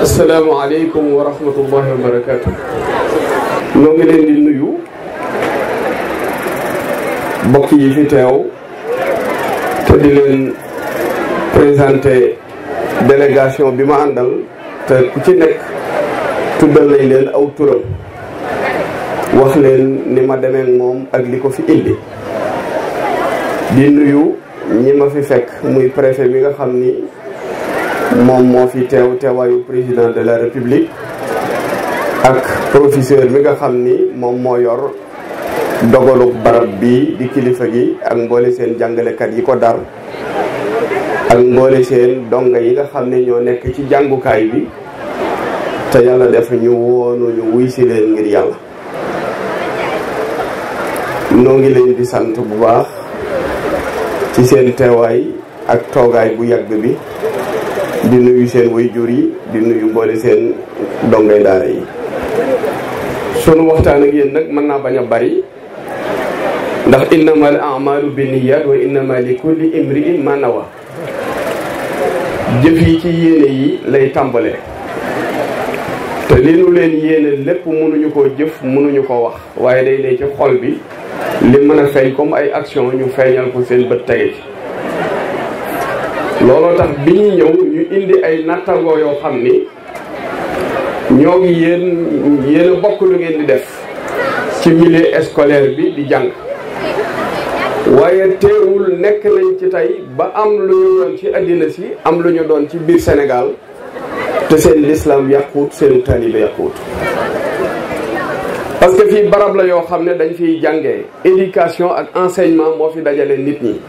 asalaamaaleykum wa rahmatullahi wa barakaatu. ñoo ngi leen di nuyu mbokk yi fi teew te di leen présenté délégation bi ma àndal te ku ci nekk tuddal nañ leen aw tural wax leen ni ma demee moom ak li ko fi indi di nuyu ñi ma fi fekk muy préfet bi nga xam ni. moom moo fi teew teewaayu président de la république ak professeur bi nga xam ni moom moo yor dogalu barab bi di kilifa gi ak mboole seen jàngalekat yi ko dar ak mboole seen donga yi nga xam ne ñoo nekk ci jàngukaay bi te yàlla def ñu woonu ñu wuy si leen ngir yàlla noo ngi leen di sant bu baax ci seen teewaay ak toogaay bu yàgg bi di nuyu sen way juri di nuyu mboole sen dongay daara yi sunu waxtaan ak yeen nak man na baña bari ndax innamal amalu binniyat wa innama likulli imriin ma nawa jëf yi ci yéene yi lay tàmbale te li nu leen yéene lépp mënuñu koo jëf mënuñu ko wax waaye day dee ci xol bi li mën a comme ay action ñu feeñal ko seen bët tege ci looloo tax bi ñuy indi ay nattangoo yoo xam ni ñoo ngi yéen yéen bokk lu ngeen di def ci milieu scolaire bi di jàng waaye teewul nekk nañ ci tey ba am lu ñu doon ci àddina si am lu ñu doon ci biir Sénégal te seen lislaam yàquut seen taalibe yàquut parce que fii barab la yoo xam ne dañ fiy jànge éducation ak enseignement moo fi dajale nit ñi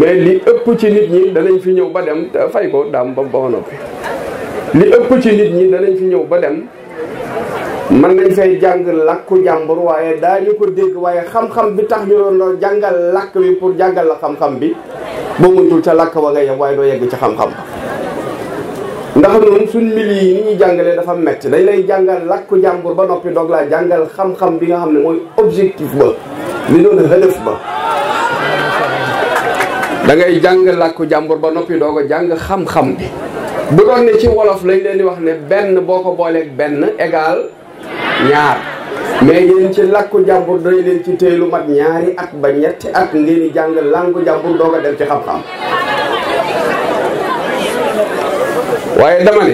mais li ëpp ci nit ñi danañ fi ñëw ba dem te fay ko daam ba ba noppi li ëpp ci nit ñi danañ fi ñëw ba dem mën nañ fay jàng làkku jàmbur waaye daañu ko dégg waaye xam-xam bi tax ñu doon doon jàngal làkk bi pour jàngal la xam-xam bi boo mëntul ca làkk wa nga yem waaye doo yegg ci xam-xam ndax ñun suñ mili yi ni ñuy jàngalee dafa metti dañ lay jàngal làkku jàmbur ba noppi doog laa jàngal xam-xam bi nga xam ne mooy objectif ba li doon hëlëf ba da ngay jàng làkku jàmbur ba noppi doog jàng xam-xam bu doon ne ci wolof lañ leen di wax ne benn boo ko booleeg benn égal ñaar mais yéen ci làkku jàmbur dañ leen ci téye lu at ba at ngeen di jàng jàmbur doog a ci xam-xam waaye dama ne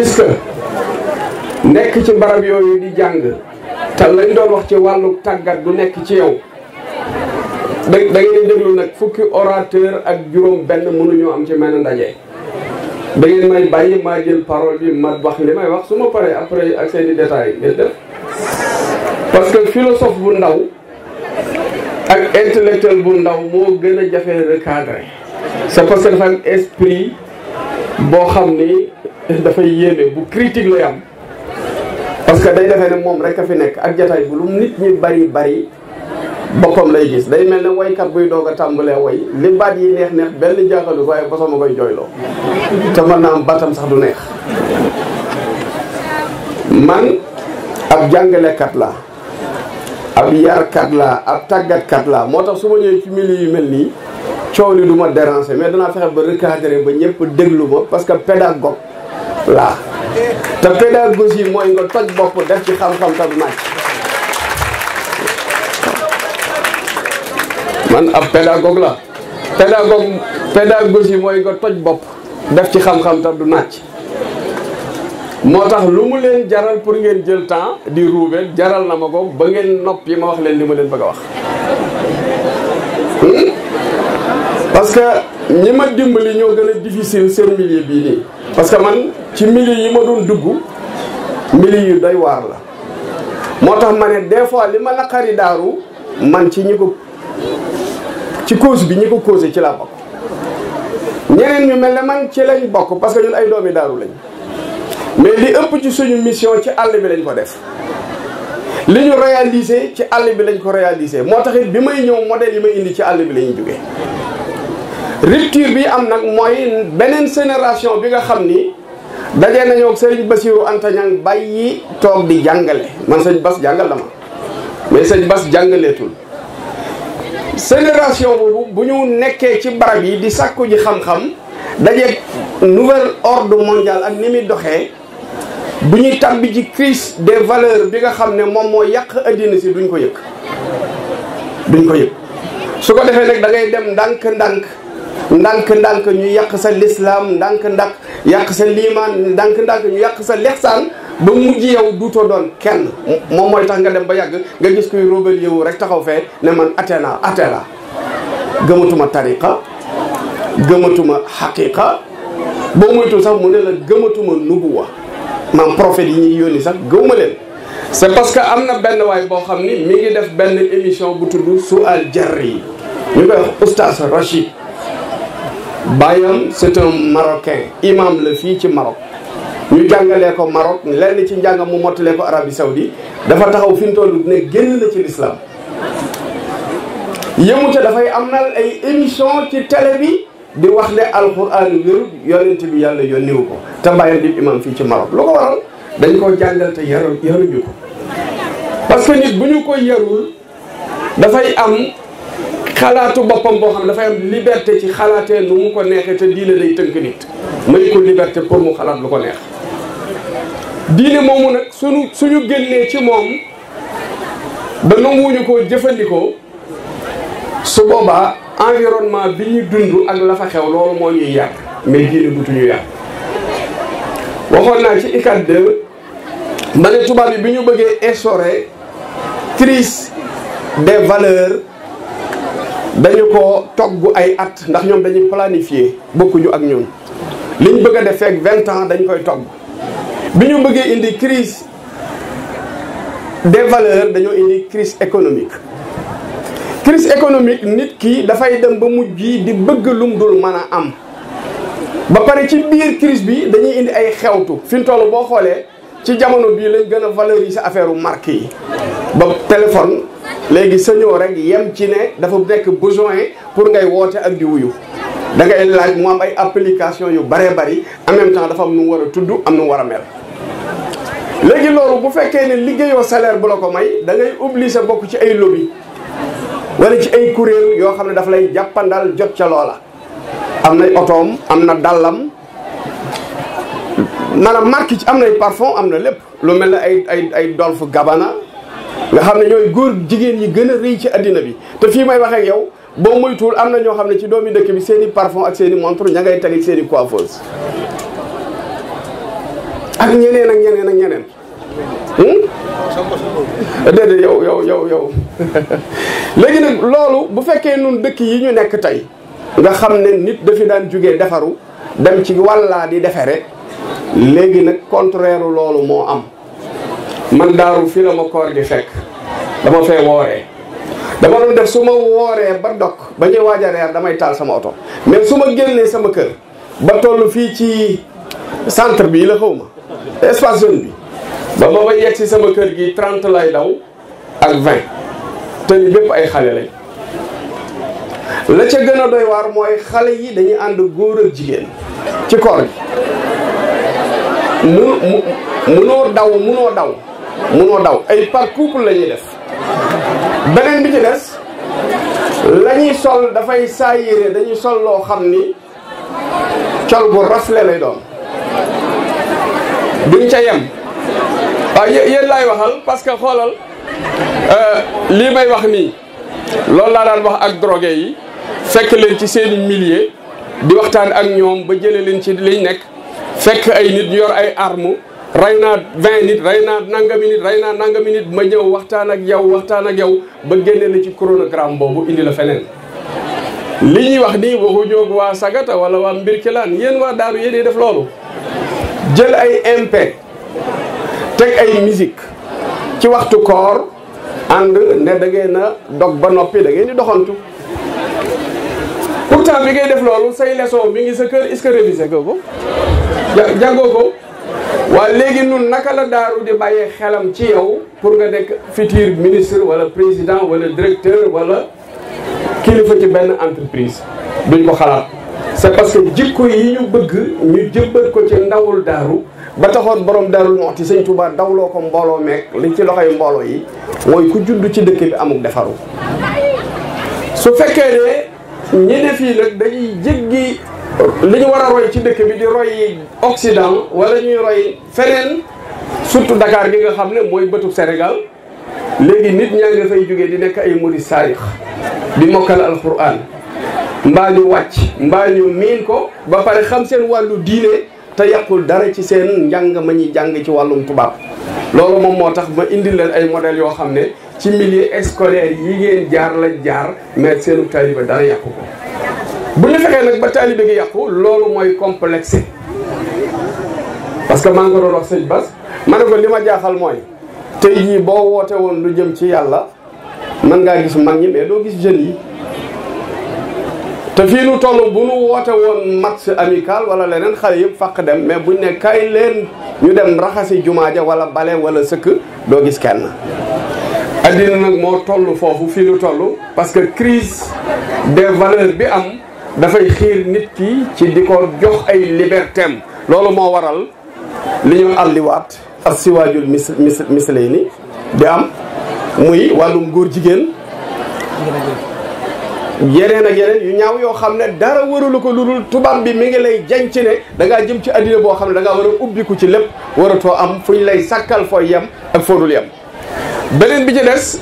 est nekk ci barab yooyu di jàng te lañ doon wax ci wàllu tàggat du nekk ci yow da da ngeen déglu nag fukki orateur ak juróom benn mënuñoo am ci mel ndaje da ngeen may bàyyi maa jël parole bi ma wax li may wax su ma paree après ak seen i détails ngeen def parce que philosophe bu ndaw ak intellectuel bu ndaw moo gën a jafe recadré c'est parce que dafa am esprit boo xam ni dafay yéeme bu critique lay am parce que day defee ne moom rek a fi nekk ak jataay bu lu nit ñi bari bari boppam lay gis day mel ne woykat buy doog a tàmbalee woy li yi neex neex benn jaaxalu waaye bosoma koy jooyloo te sax du man ab jàngalekat laa ab yarkat laa ab tàggatkat laa moo tax su ma ñëwee ci yu mel nii coow li du ma déranger mais danaa fexe ba recadrer ba ñëpp déglu ma parce que pédagogue laa te pédagogie mooy nga toj bopp def ci xam-xam te du nàcc man ab pédagogue la pédagogue pédagogie moy ko toj bop def ci xam-xam ta du nacc motax lu jaral pour ngeen jël temps di rouvel jaral na mako ba ngeen noppi ma wax len limu len bëgg wax hmm? parce que ñi dimbali ñoo gëna difficile sen milieu bi ni parce que man ci milieu yi ma doon dugg milieu yu doy waar la motax mané des fois lima la xari daru man ci ñi ci cause bi ñi ko causé ci laa bokk ñeneen ñu mel na man ci lañ bokk parce que ñun ay doomi daaru lañ mais li ëpp ci suñu mission ci àll bi lañ ko def li ñu réalisé ci àll bi lañ ko réalisé moo taxit bi may ñëw modèle yi may indi ci àll bi la jóge jógee bi am nag mooy beneen génération bi nga xam ni daje nañoo ak sëriñ Basiiru Anta Ñaŋ bàyyi toog di jàngale man sëñ Bas jàngal la ma mais sëñ Bas jàngaleetul génération boobu bu ñu nekkee ci barab yi di sàkku ji xam-xam dajeeg nouvel ordre mondial ak ni muy doxee bu ñuy tàmbi ji crise des valeurs bi nga xam ne moom moo yàq addina si duñ ko yëg duñ ko yëg su ko defee nag dangay dem ndànk-ndànk ndànk-ndànk ñu yàq sa lislaam ndànk-ndànk yàq sa liimaan ndànk-ndànk ñu yàq sa lexsaan ba mujj yow duutoo doon kenn moom mooy tax nga dem ba yàgg nga gis kuy robel yow rek taxaw fee ne man atena atena gëmatuma tariqa gëmatuma xaqiqa boo muytul sax mu ne la gëmatuma nubuwa maam prophète yi ñuy yónni sax gëwuma leen c'est parce que am na benn waay boo xam ni mi ngi def benn émission bu tudd Sual Jarri ñu koy wax oustaz Rachid baayam c'est marocain imam la fii ci Maroc ñu jàngalee ko Maroc lenn ci njàngam mu mottalee ko Arabie Saoudi dafa taxaw fi mu toll ne génn na ci lislaam yëmu dafay am na ay émission ci télé bi di wax ne alquran wérut yonent bi yàlla yónniwu ko te bàyyam di imam fii ci Maroc lu ko waral dañ koo jàngal te yaru yaruñu ko parce que nit bu ñu koy yarul dafay am xalaatu boppam boo xam dafay am liberté ci xalaatee nu mu ko neexee te diine day tënk nit may ko liberté pour mu xalaat lu ko neex diine moomu nag suñu suñu génnee ci moom ba nanguwuñu ko jëfandikoo su boobaa environnement bi ñuy dund ak la fa xew loolu moo ñuy yàq mais diine dutuñu yàq waxoon naa ci ikat mane ma tubaab yi bi ñu bëggee instaurer crise des valeurs dañu ko togg ay at ndax ñoom dañuy planifier bokkuñu ak ñun liñ bëgg a def fekk vingt ans dañu koy togg bi ñu bëggee indi crise des valeurs dañoo indi crise économique crise économique nit ki dafay dem ba mujj yi di bëgg lum dul mën a am ba pare ci biir crise bi dañuy indi ay xewtu fi mu toll boo xoolee ci jamono bii lañ gën a valoriser affaire u marque yi ba téléphone léegi sañoo rek yem ci ne dafa nekk besoin pour ngay woote ak di wuyu da ngay laaj mu am ay application yu bëree bari en même temps dafa am nu mu war a tudd am nu war a mel. léegi loolu bu fekkee ne liggéeyoo salaire bu la ko may da ngay obligé bokk ci ay lobby wala ci ay kuréel yoo xam ne dafa lay jàppandal jot ca loola. am nay otoom am na dàllam maanaam marque ci am nay parfum am na lépp lu mel ne ay ay ay Dolce Gabbana nga xam ne ñooy góor jigéen ñi gën a rëy ci addina bi te fii may waxee ak yow. boo moytuwul am na ñoo xam ne ci doomi dëkk bi seeni i ak seen i montre ña ngay teg ak seen i ak ñeneen ak ñeneen ak ñeneen. Hmm? déedéet yow yow yow yow léegi nag loolu bu fekkee noonu dëkk yi ñu nekk tey nga xam ne nit dafi daan jógee defaru dem ci wàllaa di defere léegi nag contraire loolu moo am man daaru fi la ma koor gi fekk dama fee wooree dama doon def suma woré ba dok ba ñu waaj a damay tal sama auto même suma gënné sama kër ba tollu fi ci centre bi la xawma espace jeune bi ba ma way yexi sama kër gi 30 lay daw ak 20 té ñu bépp ay xalé lay la ca gëna doy war moy xalé yi dañuy and goor ak jigen ci koor gi mu no daw mu no daw mu no daw ay par couple lañuy def beneen bi ci des la ñuy sol dafay saa yére dañuy sol loo xam ni col bu rafle lay doon duñ ca yem waaw ah, yéen laay waxal parce que xoolal euh, lii may wax nii loolu laa daan wax ak drogué yi fekk leen ci seeni millier di waxtaan ak ñoom ba jëlee leen ci liñ nekk fekk ay nit yor ay armes rey naa vingt nit rey naa nangami nit naa nangami nit ma ñëw waxtaan ak yow waxtaan ak yow ba génne la ci chronogramme boobu indi la feneen li ñuy wax nii waxu ñoog waa Sagata wala waa Mbirkilaan yéen waa Daaru yéenee def loolu jël ay MP teg ay musique ci waxtu koor ànd ne da ngeen a dog ba noppi da ngeen di doxantu pourtant bi ngay def loolu say leçon mi ngi sa kër est-ce que révisé nga ko jàngoo ko waaye léegi nun naka la daaru di bàyyee xelam ci yow pour nga nekk futur ministre wala président wala directeur walla kilifa ci benn entreprise duñ ko xalaat c'est parce que jikko yi ñu bëgg ñu jëmbat ko ci ndawul daaru ba taxoon borom daarul moxti sëñ Touba dawloo ko mbooloo meeg li ci loxo loxoy mbooloo yi mooy ku judd ci dëkk bi amuk defaru su fekkee ne ñi fii nag dañuy jéggi li ñu war a roy ci dëkk bi di roy Occident wala ñuy roy feneen surtout dakaar gi nga xam ne mooy bëtub Sénégal léegi nit ñaa nga fay jógee di nekk ay murid saarix di mokkal alquran mbaa ñu wàcc mbaa ñu miin ko ba pare xam seen wàllu diine te yàqul dara ci seen njàng ma ñuy jàng ci wàllum tubaab loolu moom moo tax ma indi leen ay modèles yoo xam ne ci milieu scolaire yi ngeen jaar lañ jaar mais seenu taaliba dara yàqu ko bu ñu fexee nag ba taalibe gi yàqu loolu mooy complexe parce que maa ngi ko doon ma ne ko li jii boo woote woon lu jëm ci yàlla man ngaa gis mag ñi mais doo gis jeunes yi te fii nu toll bu nu woote woon match amical wala leneen xale yëpp fàq dem mais buñ ne kay leen ñu dem raxasi jumaa ja walla bale wala sëkk doo gis kenn addina nag moo toll foofu fii nu toll parce que crise de valeurs bi am dafay xiir nit ki ci di ko jox ay libertéem loolu moo waral li ñu àlliwaat as siwaajul mis mis misley ni di am muy wàllum góor jigéen yeneen ak yeneen yu ñaaw yoo xam ne dara warul ko lu ludul tubaab bi mi ngi lay janc ne da jëm ci addina boo xam ne da ngaa war a ubbiku ci lépp waratoo am fu ñu lay sàkkal fooy yem ak foo dul yem beneen bi ci des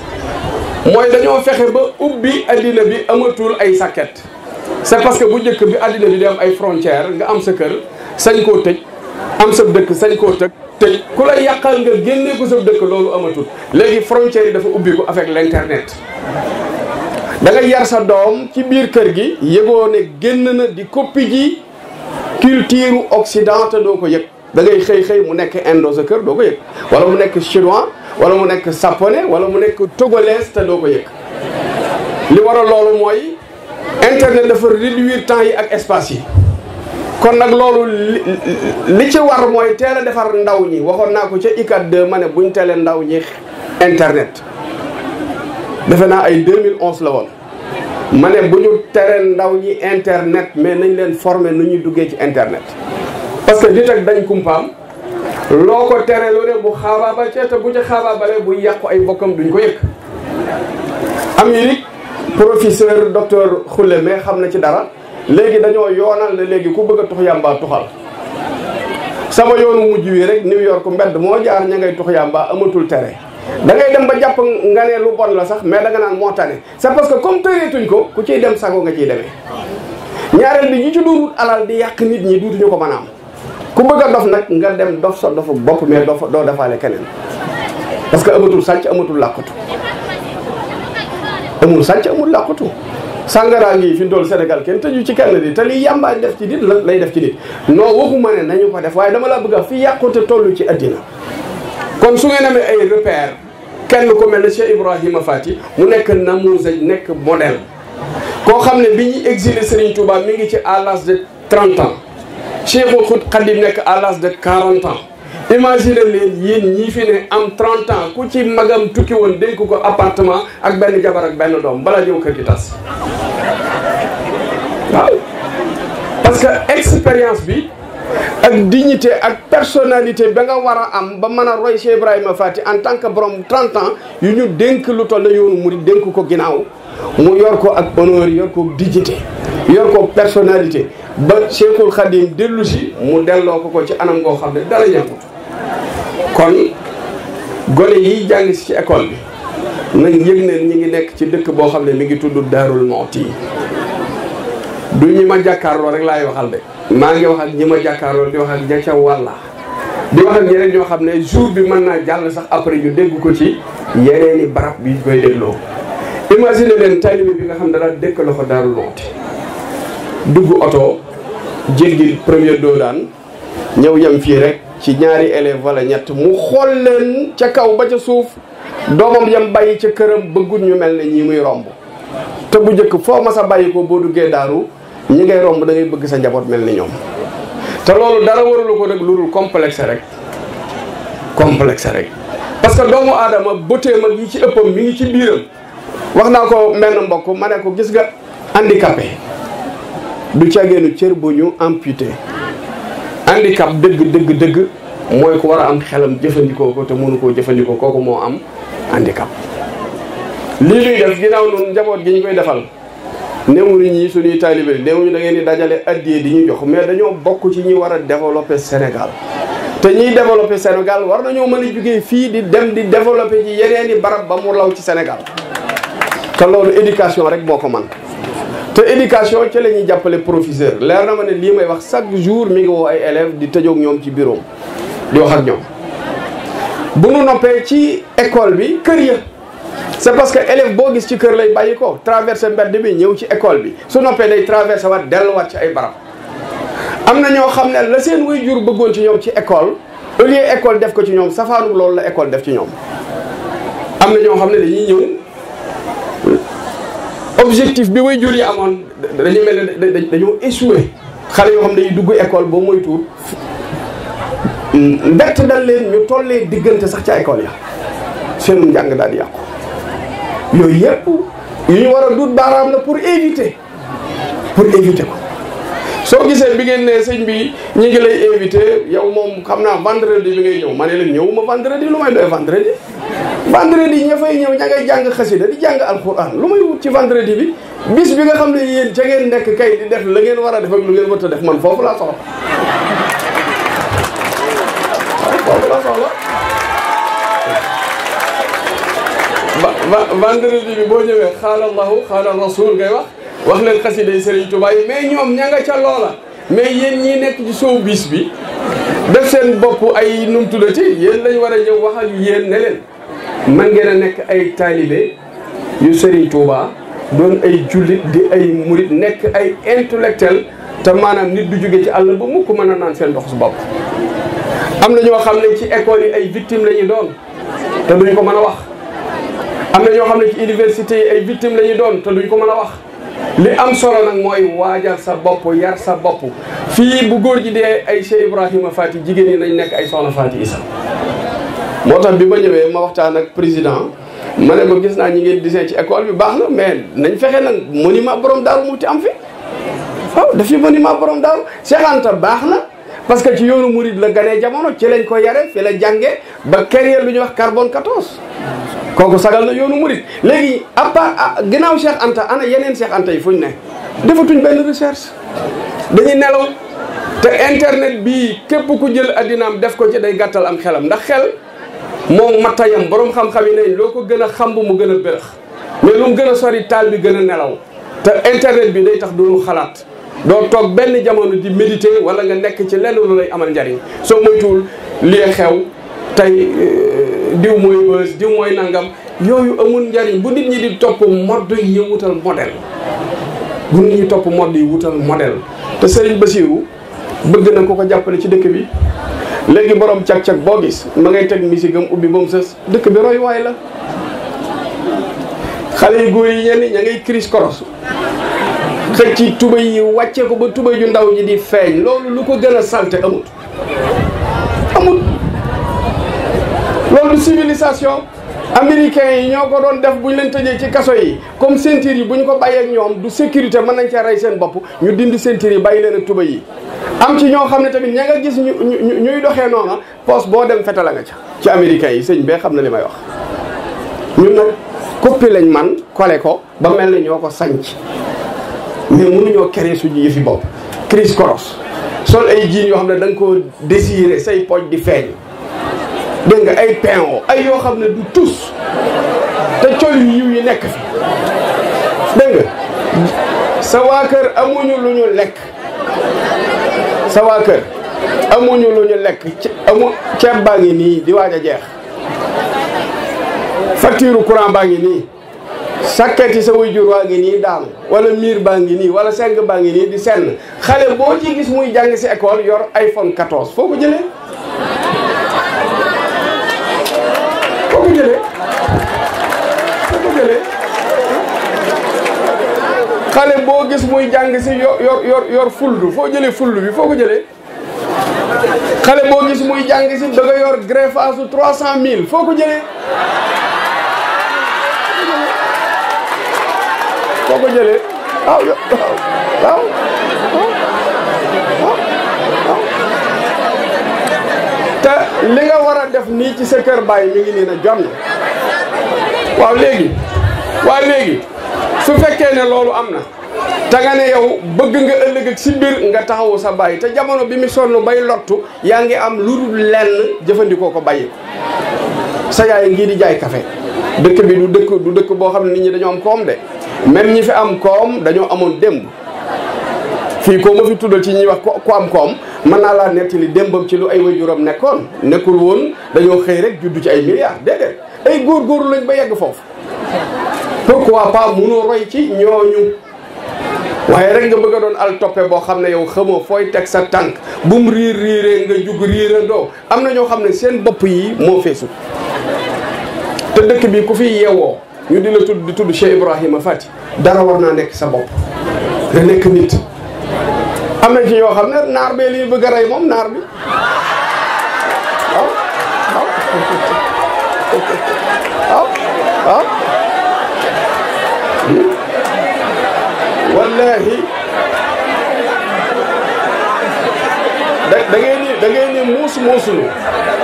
mooy dañoo fexe ba ubbi addina bi amatul ay sàkket c'est parce que bu njëkk bi àddina bi di am ay frontières nga am sa kër sañ koo tëj am sa dëkk sañ koo tëj tëj ku la yàqal nga génne ko sa dëkk loolu amatul léegi frontières yi dafa ubbi ko avec l'internet da nga yar sa doom ci biir kër gi yëgoo ne génn na di copie ji culture occident te doo ko yëg da ngay xëy xëy mu nekk indo sa kër doo ko yëg wala mu nekk chinois wala mu nekk japonais wala mu nekk togolais te doo ko yëg li waral loolu mooy internet dafa réduire temps yi ak espace yi kon nag loolu li ci war mooy teel a defar ndaw ñi waxoon naa ko ca ICAT 2 ma ne ñu teelee ndaw ñi internet defe naa ay 2011 la woon ma ne bu ñu teree ndaw ñi internet mais nañ leen forme nu ñuy duggee ci internet parce que nit ak dañ kumpaam loo ko tere lu ne bu xaabaabal te bu ca xaabaabalee bu yàqu ay bokkam duñ ko yëg am yi professeur docteur Khoule mais xam na ci dara léegi dañoo yoonal ne léegi ku bëgg a tux yàmbaa tuxal sama yoonu mujj wi rek New York mbedd moo jaar ña ngay tux yàmbaa amatul tere dangay dem ba jàpp nga ne lu bon la sax mais da nga naan moo tane c'est parce que comme tëreetuñ ko ku ciy dem sago nga ciy demee ñaareel bi ñi ci duurut alal di yàq nit ñi duutuñu ko mën a am ku bëgg a dof nag nga dem dof sa dof bokk mais doo doo defaale keneen parce que amatul sàcc amatul làkkatu amul sànc amul làqutu sàngaraa ngi fi mu toll Sénégal kenn tëju ci kenn di te li yàmbaay def ci nit la lay def ci nit non waxuma ne nañu ko def waaye dama la bëgg a fi yàqute toll ci addina kon su ngeen amee ay repère kenn ku mel ne Cheikh Ibrahima Fati mu nekk na namousaj nekk modèle koo xam ne bi ñuy exilé Serigne Touba mi ngi ci à l'âge de 30 ans Cheikh Khoudoul Khadim nekk à l'âge de 40 ans imagine leen yéen ñii fi ne am ku ci magam tukki woon dénk ko appartement ak benn jabar ak benn doom bala ñëw kër gi tas parce que expérience bi ak dignité ak personnalité ba nga war a am ba man a roy Cheikh Ibrahima Fati en tant que borom 30 ans yu ñu dénk lu toll na yoonu mu dénk ko ginnaaw mu yor ko ak honneur yor ko dignité yor ko personnalité ba Cheikhul Khadim dellu si mu delloo ko ko ci anam goo xam ne dara yàqut kon gone yi jàng si ci école bi nañ yëg ne ñi ngi nekk ci dëkk boo xam ne mi ngi tudd Daarul Mawti du ñi ma jàkkaarloo rek laay waxal de maa ngi wax ak ñi ma jàkkaarloo di wax ak jaca wàlla di wax ak ñeneen ñoo xam ne jour bi mën naa jàll sax après ñu dégg ko ci yeneeni barab bi koy dégloo imagine len taalibe bi nga xam dara dekk loxo daru lot duggu oto jël premier do dan ñew yam fi rek ci ñaari élève wala ñett mu xol len ca kaw ba ca suuf domam yam bayyi ca kërëm bëggut ñu melni ñi muy romb te bu jëk fo ma sa bayyi ko bo duggé daru ñi ngay romb da ngay bëgg sa njabot melni ñom te lolu dara ko complexe rek complexe rek parce que doomu adama beauté yi ci ëppam mi ngi ci biiram wax naa ko benn mbokk ma ne ko gis nga handicapé du caageenu cër bu ñu amputé handicap dëgg dëgg dëgg mooy ko war a am xelam jëfandikoo ko te mënu koo jëfandikoo kooku moo am handicap lii luy def ginnaaw nun njaboot gi ñu koy defal néewuñu ñi suñuy taalibe néewuñu da ngeen di dajale addiyee di ñu jox mais dañoo bokk ci ñi war a développer Sénégal te ñiy développer Sénégal war nañoo mën a jugee fii di dem di développer ci yeneen i barab ba mu law ci Sénégal te loolu éducation rek boo ko man te éducation ci la ñuy jàppale professeur leer na ma ne lii may wax chaque jour mi ngi woo ay élèves di tëjoog ñoom ci bureau yoo wax ak ñoom bu nu noppee ci école bi kër ya c'est parce que élève boo gis ci kër lay bàyyi ko traversé mbedd ñëw ci école bi su noppee day traversé waat delluwaat ci ay barab am na ñoo xam ne la seen way jur bëggoon ci ñoom ci école au lieu école def ko ci ñoom safaanu loolu la école def ci ñoom am na ñoo xam ne dañuy ñëw objectif bi way jur yi amoon dañu mel ne dañoo échoué xale yoo xam ne dañuy dugg école boo moytuwul mbett dal leen ñu tollee diggante sax ca école ya seenum njàng daal di yàqu yooyu yëpp yu ñu war a duut baaraam la pour éviter pour éviter ko soo gisee bi ngeen ne bi ñu ngi lay invité yow moom xam naa vendredi bi ngay ñëw ma ne leen ñëwuma vendredi lu may doy vendredi. vendredi ña fay ñëw ña ngay jàng xasida di jàng alquran lu may wut ci vendredi bi bis bi nga xam ne yéen ca ngeen nekk kay di def la ngeen war a def ak lu ngeen war def man foofu laa soxla. foofu laa soxla. vendredi bi boo ñëwee xaala allahu xaala rasul ngay wax. wax leen xasida yi Serigne Touba yi mais ñoom ña nga ca loola mais yéen ñi nekk ci showbiz bi def seen bopp ay num tuddati yéen lañ war a ñëw waxal ak yéen ne leen man ngeen a nekk ay taalibe yu Serigne Touba doon ay jullit di ay murit nekk ay intellectuel te maanaam nit du jóge ci àll ba mukk mën a naan seen ndox su am na ñoo xam ne ci école yi ay victime lañuy doon te duñ ko mën a wax am na ñoo xam ne ci ay victime la ñu doon te ko mën a wax li am solo nag mooy waajal sa bopp yar sa bopp fii bu góor ji dee ay Cheikh Ibrahima Fati jigéen ñi nañ nekk ay Soxna Fati Isa moo tax bi ma ñëwee ma waxtaan ak président ma ne ko gis naa ñi ngeen disee ci école bi baax na mais nañ fexe nag monument borom daaru mu ti am fi waaw dafi monument borom daaru Cheikh Anta baax na parce que ci yoonu mouride la gane jamono ci lañ ko yare fi la jangé ba carrière luñu wax carbone 14 koku sagal na yoonu murid légui à part ginnaaw cheikh anta ana yenen cheikh anta yi fuñ ne defatuñ ben recherche dañuy nelaw te internet bi kep ku jël adinam def ko ci day gattal am xelam ndax xel mo matayam borom xam-xam yi loko gëna xam bu mu gëna a mais lu mu gën sori tal bi gëna nelaw te internet bi day tax doonu xalaat do tok ben jamono di méditer wala nga nek ci lenn lu lay amal njariñ soo moytuwul li xew tay euh, diw moy beus diw moy nangam yoyu amul njariñ bu nit ñi di top mordu yi wutal modèle bu nit ñi top mordu yi wutal model te Serigne Bassirou bëgg na ko ko jappalé ci dëkk bi légui borom ciak ciak bo gis ma ngay tek musique dëkk bi roy way la xalé yu yi xëcc tuba yi wàcce ko ba tuba ju ndaw ji di feeñ loolu lu ko gën a salte amut amut loolu civilisation américains yi ñoo ko doon def bu ñu leen tëjee ci kaso yi comme ceinture yi bu ko bàyyee ñoom du sécurité mën nañ cee bopp ñu dindi ceinture yi bàyyi leen ak am ci ñoo xam ne tamit ña nga gis ñu ñuy doxee noona poste boo dem fetala nga ca ci américains yi sëñ bee xam ne li may wax ñun nag koppi lañ man kole ko ba mel ne ñoo ko sanc mais mënuñoo su suñu yëfi bopp. Chris Koros sol ay jiin yoo xam ne da nga koo désiré say pooj di feeñ dégg nga ay pinot ay yoo xam ne du tus te col yiw yi nekk fi dégg nga sa waa kër amuñu lu lekk sa waa kër amuñu lu ñu lekk amu ceeb baa ngi nii di waaj a jeex facture courant baa ngi nii. sakkati sa wayjur waa ngi nii wala mir baa ni wala seng baa ni di sen xale bo ci gis muy jang si école yor iphone 14 foko jele foko jele foko jele xale bo gis muy jang si yor yor yor fuldu foo jele fuldu bi foko jele xale bo gis muy jang si bëgg yor greffage 300.000. 000 foo boo ko jëlee waaw waaw waaw te li nga war a def nii ci sa kër bàyyi mi ngi nii na jom na waaw léegi waa léegi su fekkee ne loolu am na ta nga ne yow bëgg nga ëllëg ak si biir nga taxawu sa bàyyi te jamono bi mu sonn bay lottu yaa ngi am lu dul lenn jëfandikoo ko bàyyi sa yaay ngii di jaay kafe dëkk bi du dëkk du dëkk boo xam ne nit ñi dañoo am koom de même ñi fi am koom dañoo amoon démb fii ko ma fi tuddal ci ñuy wax ku am koom mën naa laa nettali démbam ci lu ay waajuram nekkoon nekkul woon dañoo xëy rek juddu ci ay milliards déedéet ay góorgóorlu lañ ba yegg foofu pourquoi pas munoo roy ci ñooñu waaye rek nga bëgg a doon al boo xam ne yow xamoo fooy teg sa tànk bum riir riiree nga jug riirandoo am na ñoo xam ne seen bopp yi moo feesu te dëkk bi ku fi yeewoo ñu di la tudd di tudd Cheikh Ibrahima Fati dara war nekk sa bopp nekk nit am na ci ñoo xam ne naar bee li bëgg rey moom naar bi waaw waaw waaw wallaahi da da ngeen muus muusulu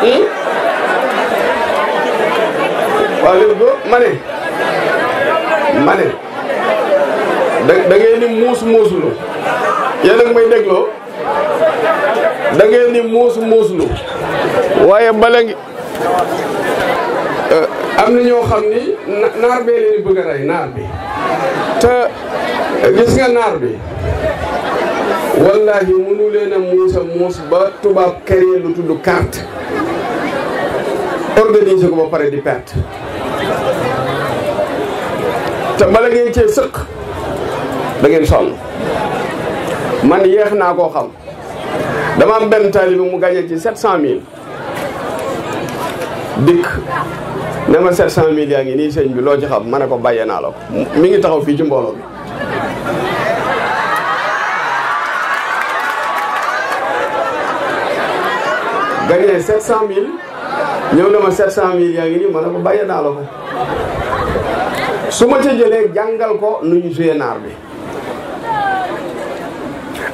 hmm? waaw léegi ba ma ne ma ne da da ngeen ni muus muuslu yéen a ngi may dégloo da ngeen ni muus muuslu waaye bala eh, am na ñoo xam ni naar bee leen bëgg naar bi te eh, gis nga naar bi wallahi mënu leen a muus a muus ba tubaab créé lu tudd carte organiser ko ba pare di pent te bala ngeen cee sëq da ngeen sonn man yeex naa koo dama am benn taalibe mu gagné ci mil dikk ne ma 700000 yaa ngi nii seen bi loo ci xam ma ne ko baye naa la ko mi ngi taxaw fii ci mbooloo bi gagné 700000 ñëw na ma 700000 yaa ngi nii ma ne ko bàyyee naa la ko. su ma ca jëlee jàngal ko nu ñu joué naar bi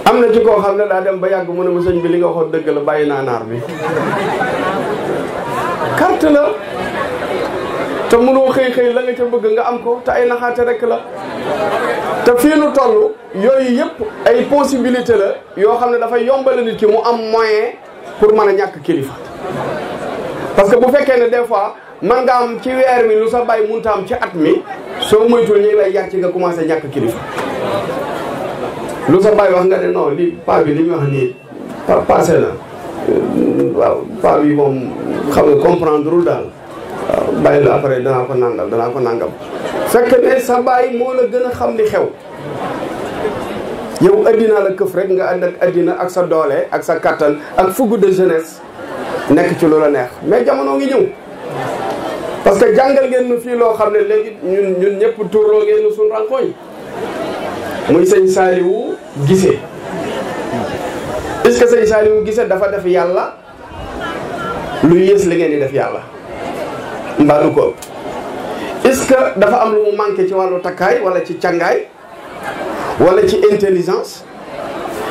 am na ci koo xam ne daa dem ba yàgg mu ne ma sëñ bi li nga waxoon dëgg la bàyyi naa naar bi carte la te mënoo xëy xëy la nga ca bëgg nga am ko te ay naxaate rek la te fii nu toll yooyu yëpp ay possibilité la yoo xam ne dafay yombale nit ki mu am moyen pour mën a ñàkk kilifa parce que bu fekkee ne des fois am ci weer mi lu sa bàyyi munta am ci at mi soo moytuwul ñuy lay yàq nga commencé ñàkk kilifa lu sa bàyyi wax nga ne non li paa bi li ñu wax nii pa passé na waaw paa bi moom xam nga comprendre lul daal waaw bàyyi la après danaa ko nangal danaa ko nangam sa ne sa bàyyi moo la gën a xam li xew yow addinaa la këf rek nga ànd ak ak sa doole ak sa kattan ak fugu de jeunesse nekk ci lu la neex mais jamono ngi ñëw parce que jàngal ngeen ñu fii loo xam ne léegi ñun ñun ñëpp turloo ngeen ñu suñu rànkooñ muy sëñ Saliou Guissé est-ce que sëñ Saliou Guissé dafa def yàlla lu yées la ngeen di def yàlla mbaa du ko est-ce que dafa am lu mu manqué ci wàllu takkaay wala ci càngaay wala ci intelligence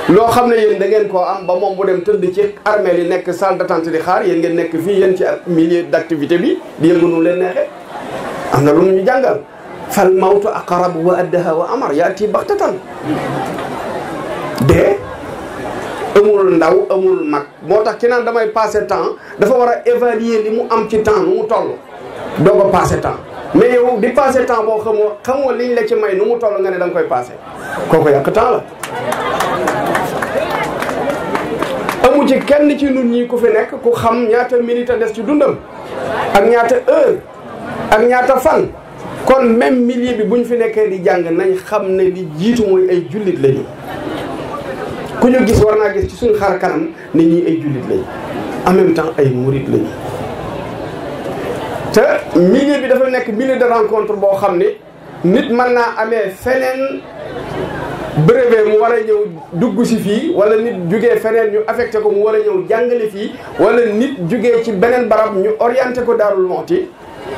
loo xam ne yéen da ngeen koo am ba moom bu dem tëdd ci armée li nekk salle d'attente di xaar yéen ngeen nekk fii yéen ci milieu d'activité bi di yëngu nu leen neexee am na lu mu ñu jàngal fal mawtu aqrab wa addaha wa amar yaati baxtatan de amul ndaw amul mag moo tax ki naan damay passé temps dafa war a évaluer li mu am ci temps nu mu toll doog a passé temps mais yow di passé temps boo xamoo xamoo liñ la ci may nu mu toll nga ne da koy passé kooku yàq temps amu ci kenn ci nun ñi ku fi nekk ku xam ñaata minute a des ci dundam ak ñaata heure ak ñaata fan kon même milieu bi bu fi nekkee di jàng nañ xam ne li jiitu mooy ay jullit lañu ku ñu gis war naa gis ci suñu xar kanam ne ñii ay jullit lañu en même temps ay murit lañu te milieu bi dafa nekk milieu de rencontre boo xam ne nit mën naa amee feneen brevet mu war a ñëw dugg si fii wala nit jugee feneen ñu affecté ko mu war a ñëw jàngale fii wala nit jóge ci beneen barab ñu orienté ko daalul Daarul Muxti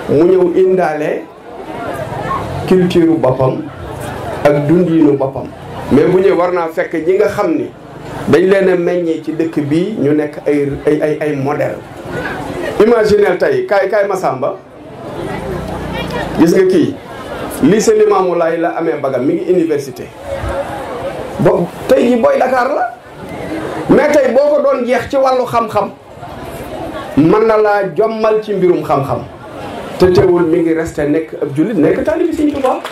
mu ñëw indaale culture boppam ak dundiinu boppam mais bu ñëw war naa fekk ñi nga xam ni dañ leen meññee ci dëkk bii ñu nekk ay ay ay ay modèle imaginel tey kaay kaay Masamba gis nga kii lycée Limamou Laye la amee bagam mi ngi université bo tey jii booy Dakar la mais tey boo ko doon jeex ci wàllu xam-xam mën na laa jommal ci mbirum xam-xam te teewul mi ngi resté nekk ab jullit nekk taalibi Sëriñ Tuubaa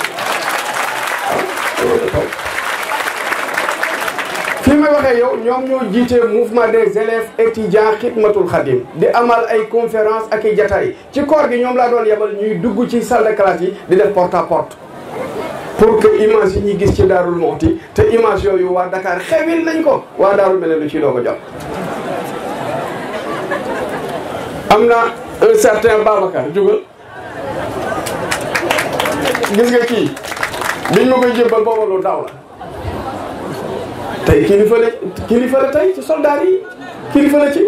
may waxee yow ñoom ñoo jiite mouvement des élèves étudiants xidmatul xadim di amal ay conférence ak i jataay ci koor gi ñoom laa doon yebal ñuy dugg ci salle de classe yi di def porte à porte pour que image yi ñuy gis ci Daarul Muxti te image yooyu waa Dakar xewil nañ ko waa Daarul mel lu ci doo ko jot am na un certain Babacar jógal gis nga kii biñ ma koy jébbal booba lu daw la tey kilifa la kilifa la tey ci soldaar yi kilifa la ci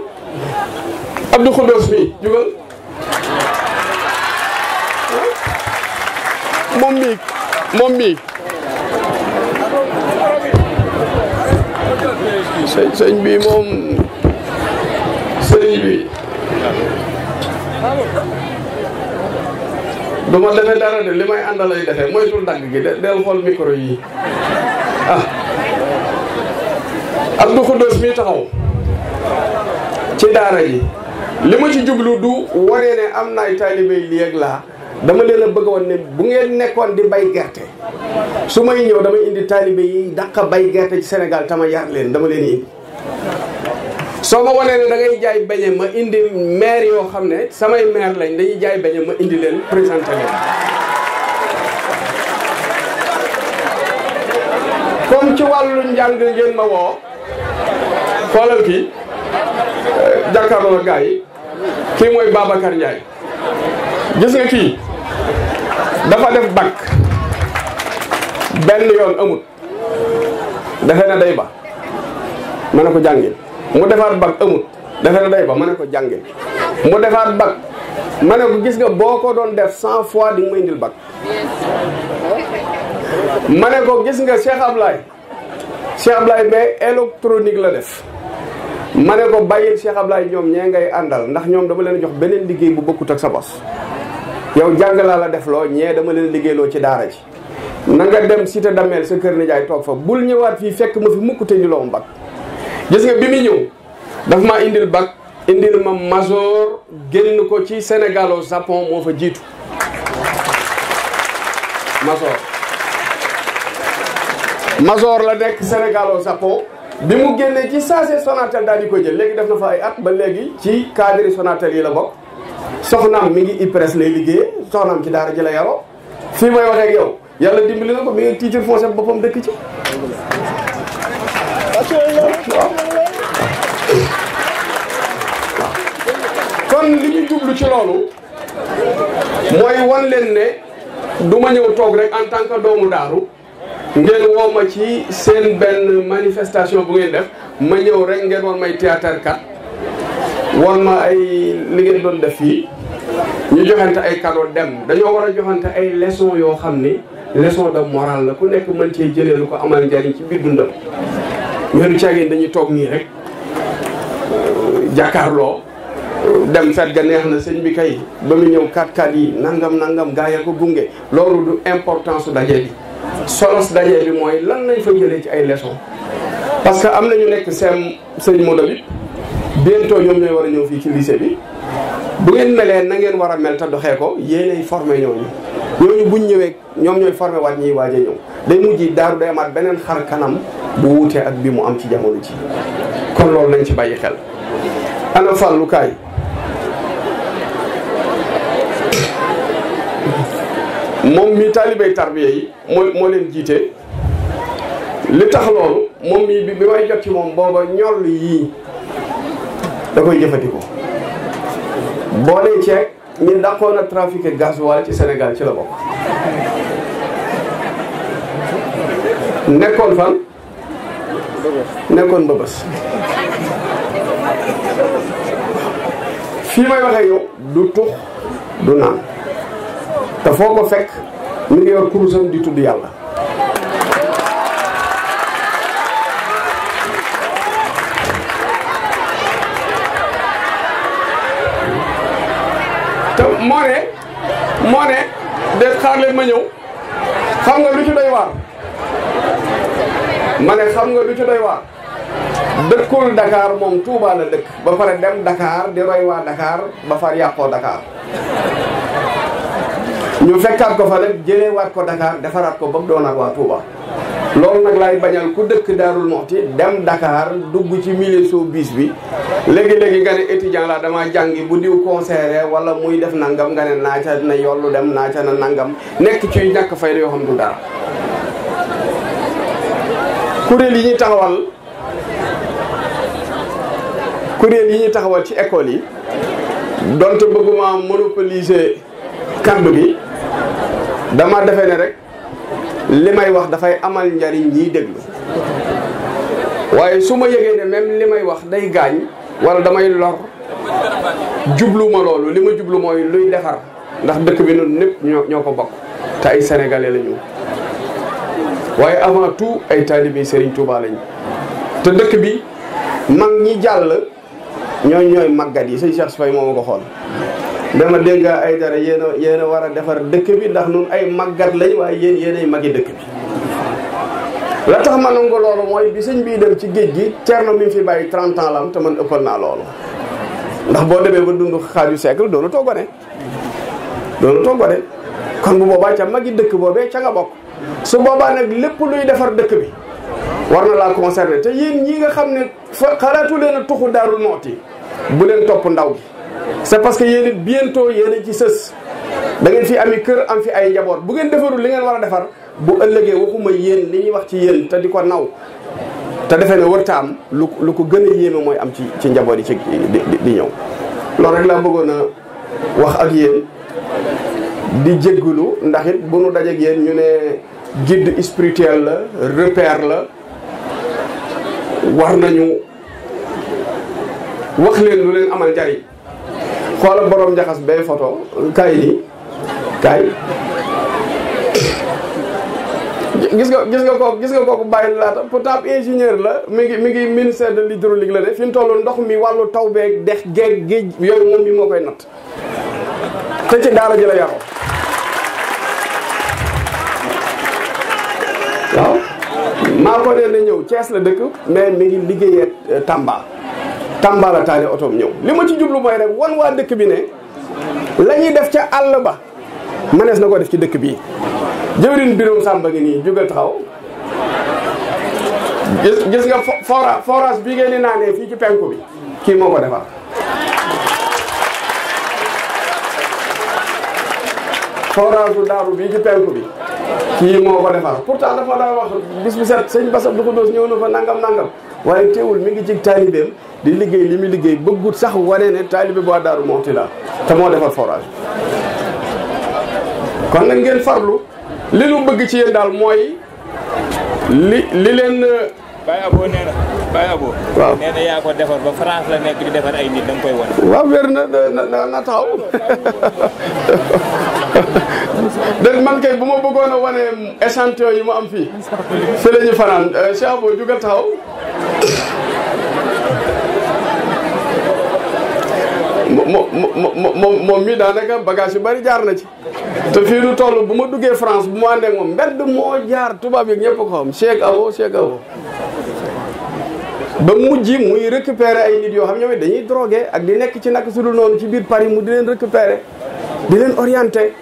Abdou Khoudous mii jugal moom mii moom mii sëñ bi moom sëriñ bi du ma defee dara de li may àndalay defee mooy tul dagg gi del xool micro yi ah. Abdou Khoudous mii taxaw ci daara yi li ma ci jublu du waree ne am na ay taalibe lii ak laa dama leen a bëgg woon ne bu ngeen nekkoon di bay gerte su may ñëw dama indi taalibe yi dàqa bay gerte ci Sénégal tama yar leen dama leen indi. soo ma wanee ne da ngay jaay beñe ma indi maire yoo xam ne samay maire lañ dañuy jaay beñe ma indi leen présenté leen comme ci wàllu njàng ngeen ma woo xoolal kii euh, jàkkaarloo ak gars yi kii mooy Babacar Ndiaye gis nga kii dafa def bac benn yoon amut defe na day ba ma ne ko jàngil mu defaat bac amut defe na day ba ma ko jàngil mu defaat bac ma ne ko gis nga boo ko doon def cent fois di nga ma indil bac ma ne ko gis nga Cheikh Ablaye Cheikh mais ba électronique la def ma ne ko bàyyil Cheikh Ablaye ñoom ñee ngay àndal ndax ñoom dama leen jox beneen liggéey bu bokkut ak sa bos yow jàng laa la def loo ñee dama leen liggéeyloo ci daara ji na nga dem cité dameel sa kër nijaay toog fa bul ñëwaat fii fekk ma fi mukk te di loo mbag gis nga bi muy ñëw daf maa indil bac indil ma major génn ko ci Sénégal au Japon moo fa jiitu major Mazor la nek Sénégal au Japon bi mu génnee ci saase Sonatel dal di ko jël légui def na fa ay at ba légui ci cadre Sonatel yi la bok soxnam mi ngi ipress lay liggéeyee soxnam ci dara ji yaro fi fii may waxee ak yow yalla dimbali na ko mi ngi teacher foncé bopam dekk ci. kon li ñu dublu ci lolu moy won len né duma ñew tok rek en tant que doomu daru ngeen woo ma ci seen benn manifestation bu ngeen def ma ñëw rek ngeen woon may théâtre kat woon ma ay li ngeen def fii ñu joxante ay cadeau dem dañoo war a joxante ay leçon yoo xam ni leçon da morale la ku nekk mën cee jëlee lu ko amal njariñ ci biir dundam mais lu caagin dañuy toog nii rek euh, jàkkaarloo euh, dem fet ga neex na sëñ bi kay ba mu ñëw kat kat yi nangam nangam gaa ya ko gunge loolu du importance su daje bi solos dajee bi mooy lan lañ fa jëlee ci ay leçons parce que am na ñu nekk seen sëñ Modou bi bientôt ñoom ñooy war a ñëw fii ci bi bu ngeen melee na ngeen war a mel te doxee ko yéenay formé ñooñu ñooñu buñ ñëwee ñoom ñooy formé waat ñi waaj a ñëw day mujj daaru day amaat beneen xar kanam bu wuutee ak bii mu am ci jamono ci kon loolu nañ ci bàyyi xel ana fàllukaay moom mi taalibey tarbiya moo moo leen jiite li tax loolu moom mii bi may jot ci moom booba ñoll yii da koy jëfandikoo boole ceeg ñi dàqoon a ci Sénégal ci la bokk nekkoon fan nekkoon Mbëbës fii may waxee yow du tux du naan te foo ko fekk mi ngi yor kurusam di tudd yàlla. te moo ne moo ne déet xaar leen ma ñëw xam nga lu ci doy waar ma ne xam nga lu ci doy waar. dëkkul Dakar moom Touba la dëkk ba pare dem Dakar di roy waa Dakar ba far yàqoo Dakar ñu fekkaat ko fa rek waat ko Dakar defaraat ko ba mu doon ak waa Touba. loolu nag laay bañal ku dëkk Daarul Moxti dem Dakar dugg ci milieu soo bis bi léegi-léegi nga ne étudiant la dama jàngi bu diw conseillé wala muy def nangam nga ne naaca na yollu dem naaca na nangam nekk ci ñàkk fay yoo xam du dara kuréel yi ñuy taxawal kuréel yi ñuy taxawal ci école yi donte bëgguma monopoliser kàddu gi dama defe ne rek li may wax dafay amal njariñ ñiy déglu waaye su ma yëgee ne même li may wax day gaañ wala damay lor jublu ma loolu li ma jublu mooy luy defar ndax dëkk bi ñun ñëpp ñoo ko bokk te ay sénégalais lañu waaye avant tout ay taalibe sëriñ Touba lañu te dëkk bi mag ñi jàll ñoo ñooy màggat yi sëñ Cheikh Faye moo ma ko xool dama dégg ay dara yéen a yéen war a defar dëkk bi ndax nun ay màggat lañ waaye yéen yéen mag yi dëkk bi. la tax ma nangu loolu mooy bi sëñ bii dem ci géej gi Thierno mi fi bàyyi 30 ans la am te man ëppal naa loolu ndax boo demee ba dund xaaju siècle doonu too gone doonu too gone kon bu boobaa ca yi dëkk boobee ca nga bokk su boobaa nag lépp luy defar dëkk bi war na laa conserver te yéen ñi nga xam ne fa xalaatu leen a tuxu daarul mooti bu leen topp ndaw gi c'est parce que yéen it bientôt yéen ci sës da ngeen fi ami kër am fi ay njaboot bu ngeen defarul li ngeen war a defar bu ëllëgee waxuma yéen li ñuy wax ci yéen te di ko naw te defee ne wërta am lu lu ko gën a yéeme mooy am ci ci njaboot yi ci di ñëw loolu rek laa bëggoon a wax ak yéen di jéggulu ndax it bu nu dajeeg yéen ñu ne guide spirituel la repère la war nañu wax leen lu leen amal njariñ xoola borom njaxas bay photo kaay nii kaay gis nga kooku gis nga kooku bàyyi laata pourtant ingénieur la mi ngi mi ngi ministère de l'hydraulique la de fi mu toll ndox mi wàllu taw beeg dex géej géej yooyu moom mi moo koy nat te ci daara ji la yaroo waaw maa ko ne na ñëw Thiès la dëkk mais mi ngi liggéeyee euh, Tamba Tamba la taale otoom ñëw li ma ci jublu mooy rek wan waa dëkk bi ne la def ca àll ba mënees na ko def ci dëkk bii jëwriñ biróom Samba ngi nii jugal taxaw gis gis nga forage forage bii ngeen naanee fii ci penku bi kii moo ko defar forage u daaru bii ci penku bi kii moo ko defar pourtant dafa daa wax bis bu set sëñ Bass Abdou Khoudoss ñëw na fa nangam nangam waaye teewul mi ngi ci taalibeem di liggéey li mu liggéey bëggut sax wane ne taalibe bu Daaru Muxti la te moo defar ngeen farlu li ci yéen daal mooy li li leen Baye Abo nee na defar ba la nekk di defar ay nit da nga koy wane den man kay bu ma bëggoon a wane échantillon yi ma am fii fi la ñu fanaan euh, Cheikh Abo jugal taxaw moom moom mi daana bagage yu bari jaar na ci te fii nu toll bu ma duggee France bu ma àndee moom mbedd moo jaar tubaab yi ñëpp ko xam Cheikh Abo Cheikh Abo ba mujj muy récupérer ay nit yoo xam ñoom dañuy drogué ak di nekk ci nak su dul noonu ci biir Paris mu di leen récupérer di leen orienté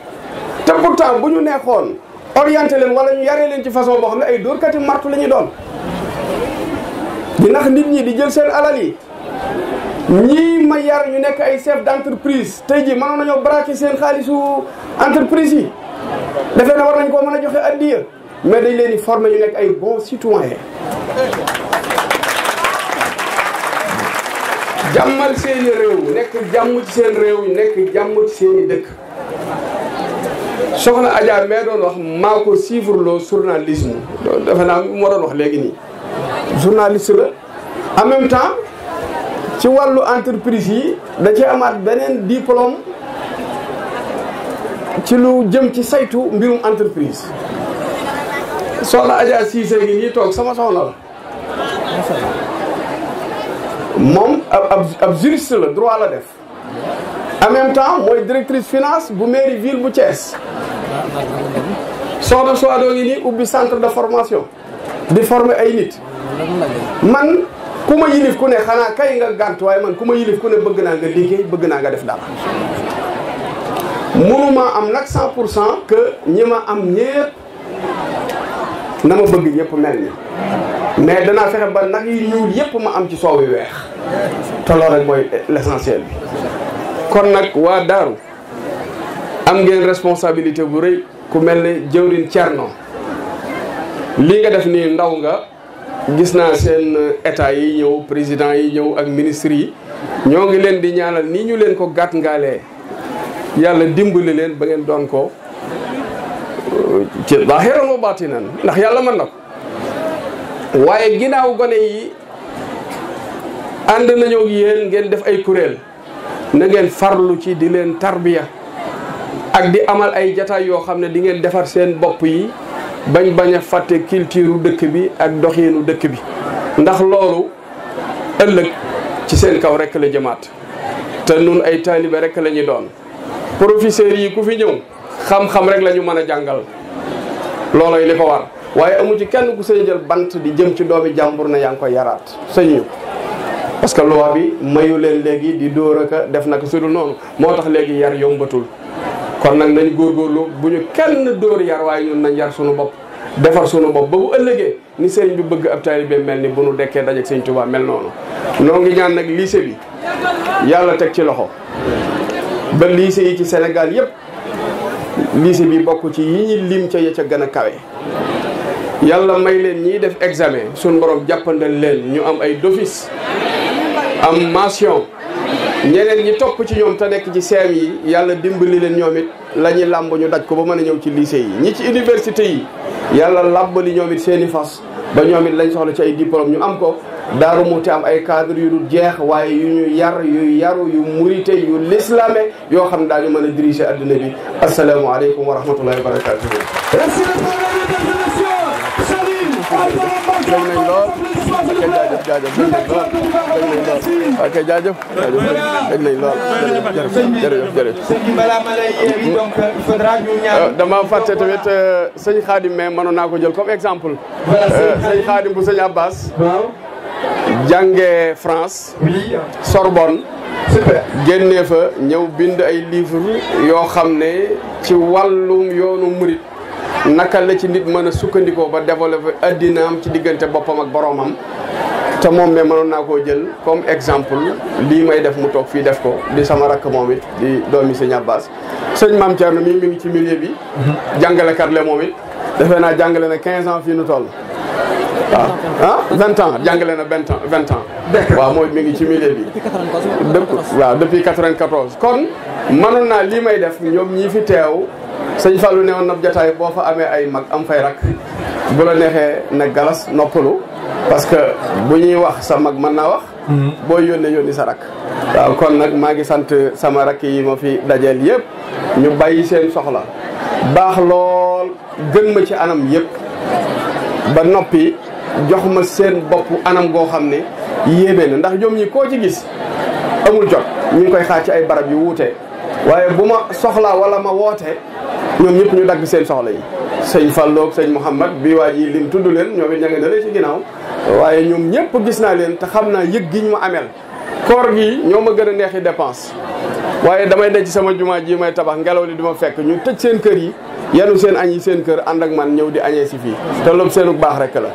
te pourtant bu ñu neexoon orienté leen wala ñu yaree leen ci façon boo xam ne ay dóorkati martu la ñuy doon di nax nit ñi di jël seen alal yi ñii ma yar ñu nekk ay chef d'entreprise tey jii mënoon nañoo braquer seen xaalisu entreprise yi defee na war nañ koo mën a joxe addiya mais dañ leen di former ñu nekk ay bons citoyens jàmmal seeni réew nekk jàmm ci seen réew nekk jàmm ci seeni dëkk soxna Adja mee doon wax maa ko suivre loo journalisme defe naa moo doon wax léegi nii journaliste la en même temps ci wàllu entreprise yi da ci amaat beneen diplôme ci lu jëm ci saytu mbirum entreprise soxna Adja Cissé gi nii toog sama soxna la moom ab ab juriste la droit la def en même temps mooy directrice finance bu mairie ville bu Thiès soxna Soado ngi nii ubbi centre de formation di former ay nit man ku ma yilif ku ne xanaa kay nga gànt waaye man ku ma yilif ku ne bëgg naa nga liggéey bëgg naa nga def daal mënuma am nag cent pour cent que ñi ma am ñépp na ma bëgg ñëpp mel ni mais danaa fexe ba nag yu ñuul yëpp ma am ci soow yu weex te rek mooy l'essentiel bi kon nak wa daru am ngeen responsabilité bu reuy ku melni jeurin tierno li nga def ni ndaw nga gis na sen uh, état yi ñew président yi ñew ak ministre yi ñoo ngi leen di ñaanal ni ñu leen ko gàtt ngalé yalla dimbali leen ba ngeen don ko uh, ci zahira mo batinan ndax yalla man nak waye ginaaw gone yi and nañu ak yeen ngeen def ay kuréel na ngeen farlu ci di leen tarbiya ak di amal ay jataay yoo xam ne di ngeen defar seen bopp yi bañ bañ a fàtte culture dëkk bi ak doxiinu dëkk bi ndax loolu ëllëg ci seen kaw rekk la jëmaat te nun ay taalibe rekk la ñu doon professeur yi ku fi ñëw xam-xam rek lañu mën a jàngal looloy li ko war waaye amu ci kenn ku sëñ jël bant di jëm ci doomi jàmbur na yaa ngi koy yaraat sëñ ñu parce que loi bi mayu leen léegi di dóor aka def naka sudul noonu moo tax léegi yar yombatul kon nag nañ góorgóorlu bu ñu kenn dóor yar waaye ñun nañ yar suñu bopp defar sunu bopp ba bu ëllëgee ni sëriñ bi bëgg ab taalibe mel ni bu nu dekkee dajeeg sëriñ Tuubaa mel noonu noo ngi ñaan nag lycée bi yàlla teg ci loxo ba lycée yi ci Sénégal yëpp lycée bi bokk ci yi ñi lim ca gën a kawe yàlla may leen ñiy def examen suñu borom jàppandal leen ñu am ay d'office am mention ñeneen ñi topp ci ñoom te nekk ci seem yi yàlla dimbali leen ñoom it la ñuy làmb ñu daj ko ba mën a ñëw ci lycée yi ñi ci université yi yàlla làmbali ñoom it seen i fas ba ñoom it lañ soxla ci ay diplôme ñu am ko daaru mu te am ay cadre yu dul jeex waaye yu ñu yar yu yaru yu murite yu lislaame yoo xam ne ñu mën a diriger adduna bi asalaamu aleykum wa rahmatullahi wa barakatuhu ok jaajëf jaajëf dégg nañ lool dégg nañ euh, dama fàtte tamit euh, sëñ Xaadim mais mënoon naa ko jël comme exemple. sëñ euh, Xaadim bu sëñ Abbas. jàngee France. Sorbonne. génnee fa ñëw bind ay livre yoo xam ne ci wàllum yoonu murit naka la ci nit mën a sukkandikoo ba développé àddinaam ci diggante boppam ak boroomam te moom mais mënoon naa ko jël comme exemple lii may def mu toog fii def ko di sama rakk moom it di doomi sëñ Abbas sëñ Maam Thierno mii mi ngi ci millier bi. jàngale la moom it. defe naa jàngale na 15 ans fii nu waaw ah 20 ans jàngale na 20 ans 20 ans. waaw mooy mi ngi ci milieu bi. depuis waaw depuis 94. kon mënoon naa lii may def ñoom ñii fi teew sëñ Fallou ne woon na jataay boo fa amee ay mag am fay rakk. bu la neexee ne galas noppalu parce que bu ñuy wax sa mag mën naa wax hmm. boo yónnee yónni sa rakk waaw kon nag maa ngi sant sama rakk yi ma fi dajeel yëpp ñu bàyyi seen soxla baax lool gën ma ci anam yëpp ba noppi jox ma seen bopp anam goo xam ne yéeme na ndax ñoom yi koo ci gis amul jot ñu ngi koy xaar ci ay barab yu wuute waaye bu ma soxlaa walla ma woote ñom ñep ñu dag seen soxla yi seigne fallo ak sëñ Mouhamad bi waji lim tuddu len ñoom it ña nga dalee ci ginaaw waye ñom ñep gis na len te xamna yeg gi ñu amel koor gi ñoma gëna neexi dépense waye damay sama juma ji may tabax ngelaw li duma fekk ñu tecc seen kër yi yanu seen añi seen kër and ak man ñew di añé ci fi te lu seenu baax rek la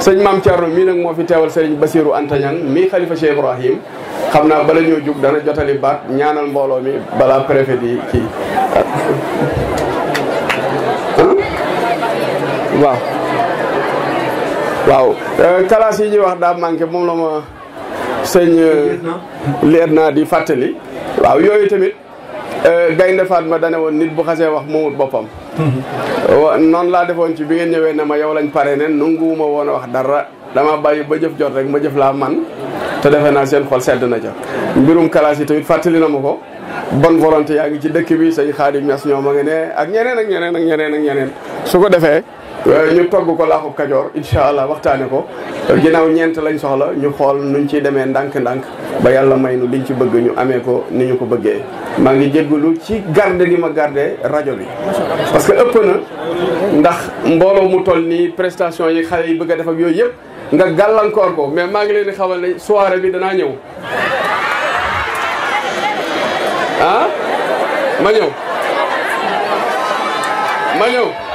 seigne mam Thierno mi nak mo fi teewal seigne Basirou Antañang mi khalifa Cheikh Ibrahim xamna bala ñu juk dana jotali baat ñaanal mbolo mi bala préfet yi waaw waaw kalaas euh, yi ñuy wax daa manqué moom la ma sëñ euh, leer naa di fàttali waaw yooyu tamit euh, gaynde Fatma dane woon nit bu xasee wax moomut boppam mhm. noonu laa defoon ci bi ngeen ñëwee na ma yow lañ pare ne nanguwuma woon a wax dara dama bàyyi ba jëf jot rek ma jëf laa man te defe naa seen xol sedd na ca mbirum kalaas yi tamit fàttali na ma ko bon volonté yaa ngi ci dëkk bi sëñ Xaadim Ñas ñoom a ngi ak ñeneen ak ñeneen ak ñeneen ak ñeneen su ko defee Euh, ñu togg ko laaxu kajoor insha allah waxtaane ko ginnaaw ñeent lañ soxla ñu xool nuñ ciy demee ndànk-ndànk ba yàlla may nu liñ ci bëgg ñu amee ko ni ñu ko bëggee maa ngi jéggulu ci garde gi ma garde rajo bi parce que ëpp na ndax mbooloo mu toll nii prestation yi xale yi bëgg a def ak yooyu yëpp nga gàllankoor ko mais maa ngi leen di xamal ne soirée bi danaa ñëw ah ma ñëw ma ñëw